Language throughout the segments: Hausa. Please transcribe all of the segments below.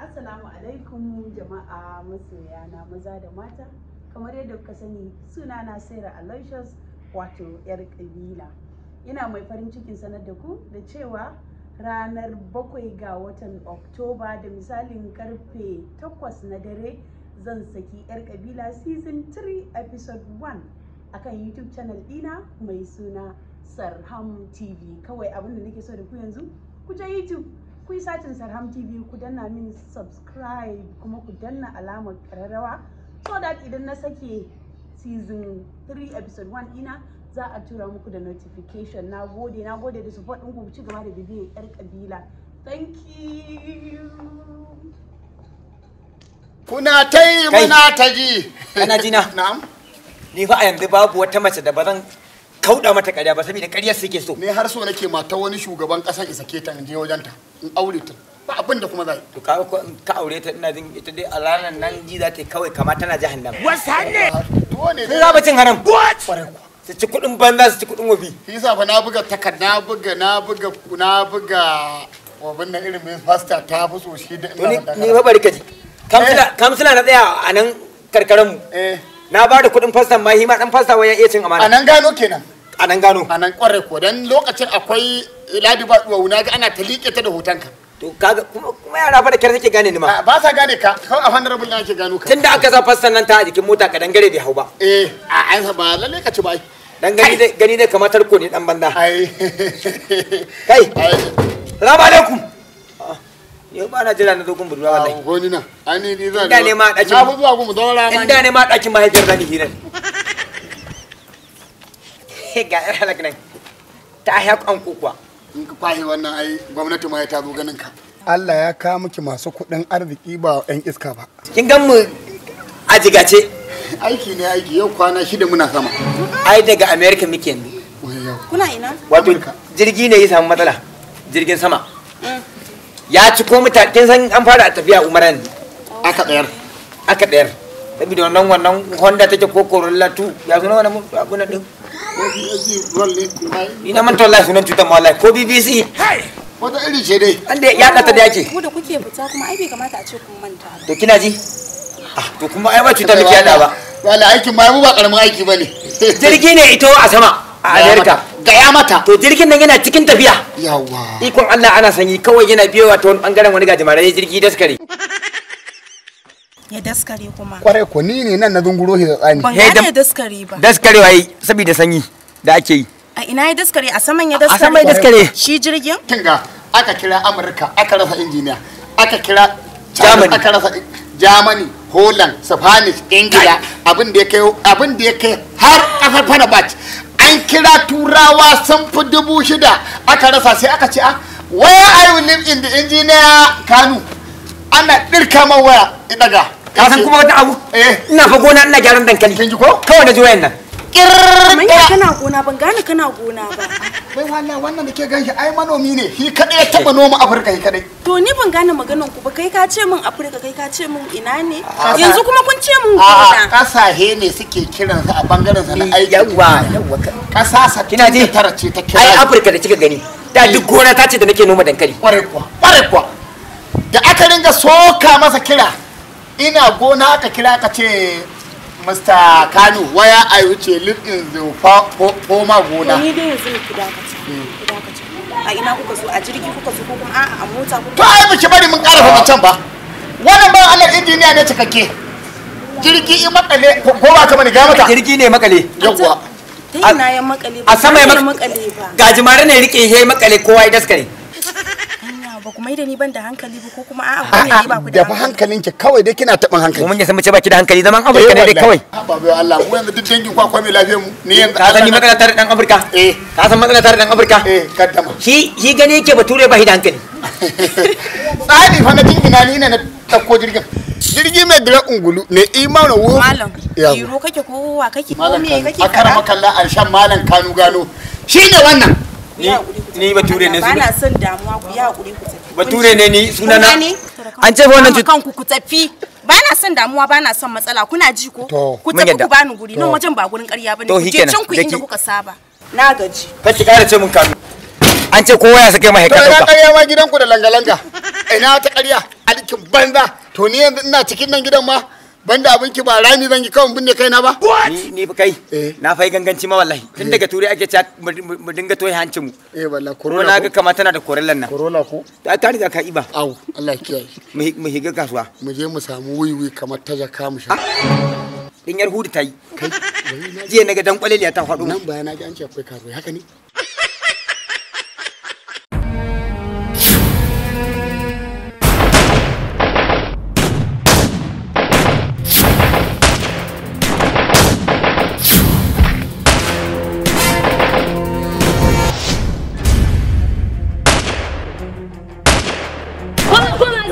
Assalamu alaikum jama'a masoya na maza da mata kamar yadda kuka sani suna na Sarah Aloysius wato 'yar ƙabila. ina mai farin cikin sanar da ku da cewa ranar bakwai ga watan Oktoba da misalin karfe 8 na dare zan saki 'yar kabila season 3 episode 1 akan YouTube channel ɗina mai suna Sarham TV kawai abin da nake so da ku yanzu ku je YouTube ku yi satin sarham tv ku danna min subscribe kuma ku danna alamar kararrawa so that idan na sake season 3 episode 1 ina za a tura muku da notification na gode na gode da support ɗin ku ci gaba da bibiyar yar kabila thank you kuna ta yi muna ta ji ana jina na'am ni fa a yanzu babu wata mace da ba zan kauda mata kariya ba saboda kariyar suke so me har so nake mata wani shugaban ƙasar isa ke ta je wajenta in aure ta ba abin da kuma za yi to kaga ka aure ta ina jin ita dai a ranar nan ji za ta yi kawai kama tana jahannan. wasu hanne sun raba cin haram su ci kuɗin banza su ci kuɗin wabi shi fa na buga takarda na buga na buga na buga wabin nan irin mai fasta ta fi so shi da ina ni fa bari ka ji eh. kamsila na tsaya a nan karkaranmu eh. na ba da kuɗin fasta ma hi ma dan fasta waya iya cin amana a nan gano kenan a nan gano a nan kwarai ko dan lokacin akwai ladi ba duwa na ga ana ta liƙe ta da hoton ka to kaga kuma yara fa da kyar take gane ni ma ba sa gane ka kawai a fannin rabin yake gano ka tunda aka zafa sannan ta a jikin mota ka dangare bai hau ba eh a an ba lalle ka ci ba dan gani dai gani dai kamar tarko ne dan banda ai kai assalamu alaikum ah, yau ba na jira na dogon budurwa wallahi goni na ani ni za ni ne ma dakin na bu zuwa gumu zaura ma inda ne ma dakin mahaifiyar zani hirar ga yar halak nan ta hayak an kukuwa in ka kwahi wannan ai gwamnati ma ta zo ganin ka Allah ya ka miki masu kuɗin arziki ba yan iska ba kin gan mu a jigace aiki ne aiki yau kwana shida muna sama ai daga America muke yanzu kuna ina wato jirgi ne ya samu matsala jirgin sama mm. ya ci ko mutan kin san an fara a tafiya umaran aka tsayar aka tsayar sabida wannan wannan honda take ko corolla 2 ya zo wannan na din ina man tolla sunan cutar ma ko bbc hey wata iri ce dai an da ya kata da yake ku da kuke fita kuma ai bai kamata a ce kun manta ba to kina ji ah to kuma ai ba cutar miki yada ba wala aikin ma mu ba karamin aiki bane jirgi ne ito a sama a america ya mata to jirgin nan yana cikin tafiya yawa ikon allah ana sanyi kawai yana biyowa ta wani bangaren wani gajimare jirgi daskare ya daskare kuma kwarai ko ni ne nan na zunguro shi da tsani ban gane daskare ba daskare wai saboda sanyi da ake yi a ina ya daskare a saman ya daskare a saman ya daskare shi jirgin kinga aka kira amurka aka rasa injiniya aka kira germany aka rasa germany holland spanish ingila abin da ya kai abin da ya kai har kasar fanabat an kira turawa sun fi dubu shida aka rasa sai aka ce a ah, where are you live in the engineer kanu ana dirka man waya idaga ka san kuma wata abu eh. ina fa gona ina gyaran dankali kin ji ko kawai na ji wayannan kirkira kana gona ban gane kana gona ba bai wannan wannan da ke ganshi ai manomi ne shi kadai ya taba noma afirka shi kadai to ni ban gane maganan ku ba kai ka ce min afirka kai ka ce min ina ne yanzu kuma kun ce min gona kasahe ne suke kiran sa a bangaren sa na eh, aiki yawa yawa kasa sa kina ji tara ce ta kira ai afirka da kika gani da duk gona ta ce da nake noma dankali kware kuwa kware kuwa da aka ringa soka masa kira ina gona aka kira ka ce mr kano waya yi wuce lifin in ko ma gona ni dai yanzu ku eh. dakace a ina kuka so a jirgi kuka so ko kuma a mota kuka to ai biki bari mun ƙara fahimtar ba wannan ba Allah injiniya ne cikakke jirgi in makale ko ba ka bane ga mata jirgi ne makale yawwa ta na ya makale ba a sama ya makale ba gajimare ne rike he makale kowa ya daskare ba kuma da ni ban da hankali ba ko kuma a'a ko ne ba ku da hankalin ki kawai dai kina taɓin hankali mun ya san mace baki da hankali zaman Afirka eh, ne dai kawai ba bai Allah mu yanzu duk dangin kwa kwame lafiya mu ni yanzu ka san ni matsala tare dan Afirka eh ka san matsala tare dan Afirka eh kaddama shi shi gani yake bature ba shi da hankali tsadi fa na jingina ni ne na ɗauko jirgin jirgi mai dira ungulu ne imanu wo malam iro kake ko wa kake ko me kake akara makalla alshan malam kanu gano shine wannan ni ni bature ne su ba na son damuwa ku ya hakuri ku bature ne ni sunana an ce wannan cuta kanku ku tafi ba na son damuwa ba na son matsala kuna ji ko ku tafi ku bani guri nan wajen ba gurin ƙarya bane ku je can ku inda kuka saba na gaji ka ki ƙara ce mun kami an ce kowa ya sake mai hekata to ina ƙarya ma gidanku da langalanga ina ta ƙarya alikin banza to ni yanzu ina cikin nan gidan ma ban da abinki ba rami zan yi kawai binne kaina ba ni ni kai eh. na fai ganganci ma wallahi tun eh. daga turai ake ta mu dinga toye hancin mu eh wallahi corona ga kama tana da korellan nan corona ko ta ta riga ka iba au Allah ya kiyaye mu higa kasuwa mu je mu samu wuyi kamar ta jaka mu sha ah! din yar hudu ta yi jiya ga dan kwaleliya ta faɗo nan baya na ji an ce akwai kasuwa haka ne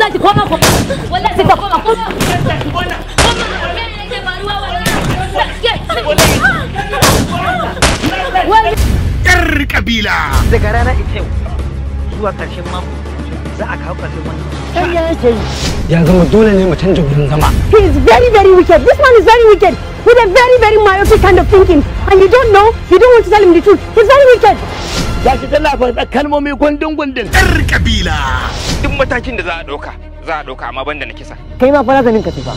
wallahi Yar kabila! Ya zama dole ne mu canza zama. He is very very wicked. This man is very wicked. With a very very myopic kind of thinking. And you don't know, you don't want to tell him the truth. He's very wicked. gashi tana faɗa kalmomi gundun gundun yar kabila duk matakin da za a ɗauka za a ɗauka amma banda na kisa kai ma fara zanin ka tufa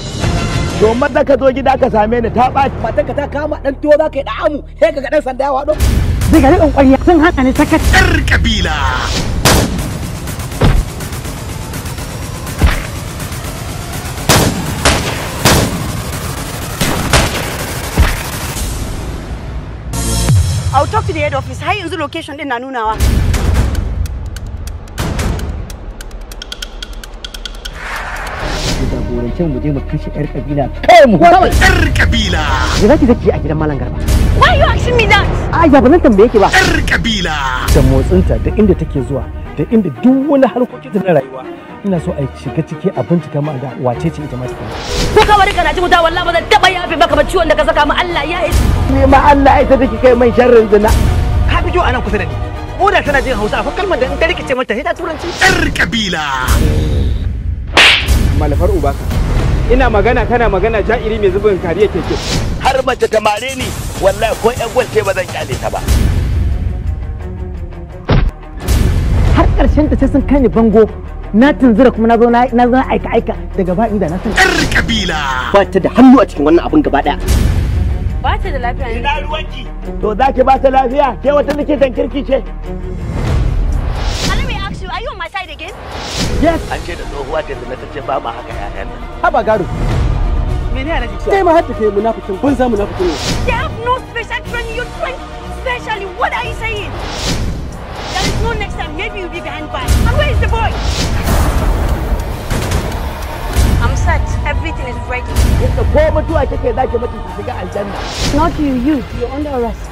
to da ka zo gida ka same ni ta ɓaci matan ka ta kama dan tuwo za ka yi amu, sai ka ga dan sanda ya waɗo daga riƙon ƙwarya sun hana ni sakat yar kabila talk to the head office har yanzu location din na nunawa jagorancin mu je mu kashe yar kabila kai mu kawai yar kabila me zaki zaki a gidan malam garba why you asking me that a ya ban tambaye ki ba yar kabila da motsinta da inda take zuwa da inda duk wani harkokin na rayuwa ina so a shiga ciki a bincika ma da wace ce ita ma take ko ka bari kana ji wuta wallahi ba zan taba yafe maka ba ciwon da ka saka mu Allah ya yi ma Allah ita take kai man sharrin zina ka a anan kusa da ni ko da tana jin Hausa fa kalmar da in ta rikice mata sai ta turanci yar kabila malafar ubaka ina magana kana magana ja'iri mai zubin kariya keke har mace ta mare ni wallahi ko yan gwal ba zan kyale ta ba har karshen ta sai sun kai ni bango na tunzura kuma na zo na aika aika daga ba inda na san yar kabila ba ta da hannu a cikin wannan abun gaba daya Ba ta da lafiya ne. Ina ruwanki. To za ki ba ta lafiya ke wata likitan kirki ce. Hello me ask you are you on my side again? Yes. An ce da tsohuwa ta zama ta ce ba ma haka ƴaƴan nan. Haba garu. Mene ana cewa? Sai ma har take munafikin kun za munafikin ne. They have no special training you train specially what are you saying? There is no next time maybe you'll be behind bars. And where is the boy? set everything is ready. Yadda ko mutuwa kike za ki mutu ki shiga agenda. Not you, you. You're under arrest.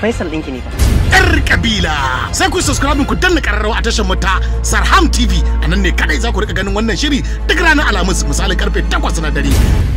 Faisal ɗinki ne ba. Yar kabila! Sai ku subscribe ku danna ƙararrawa a tashar mata Sarham TV. A nan ne kadai za ku rika ganin wannan shiri duk ranar alamus misalin karfe 8 na dare.